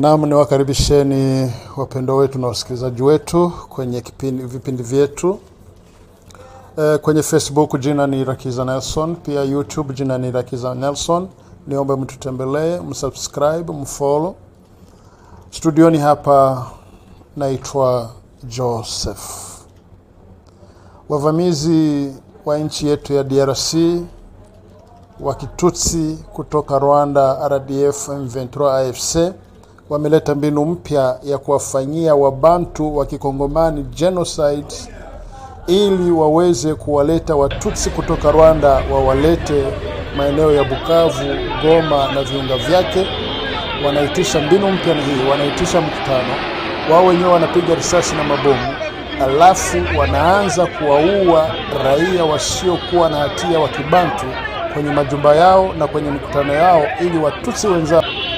Naam, niwakaribisheni wapendo wetu na wasikilizaji wetu kwenye kipindi, vipindi vyetu e, kwenye Facebook jina ni Rakiza Nelson, pia YouTube jina ni Rakiza Nelson. Niombe mtutembelee, msubscribe, mfolo Studioni hapa naitwa Joseph. Wavamizi wa nchi yetu ya DRC wa kutoka Rwanda, RDF M23 AFC wameleta mbinu mpya ya kuwafanyia Wabantu wa Kikongomani genocide ili waweze kuwaleta Watutsi kutoka Rwanda wawalete maeneo ya Bukavu, Goma na viunga vyake. Wanaitisha mbinu mpya na hii, wanaitisha mkutano wao wenyewe, wanapiga risasi na mabomu, alafu wanaanza kuwaua raia wasiokuwa na hatia wa Kibantu kwenye majumba yao na kwenye mikutano yao ili Watutsi wenzao